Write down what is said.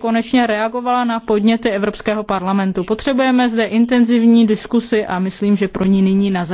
konečně reagovala na podněty Evropského parlamentu. Potřebujeme zde intenzivní diskusy a myslím, že pro ní nyní na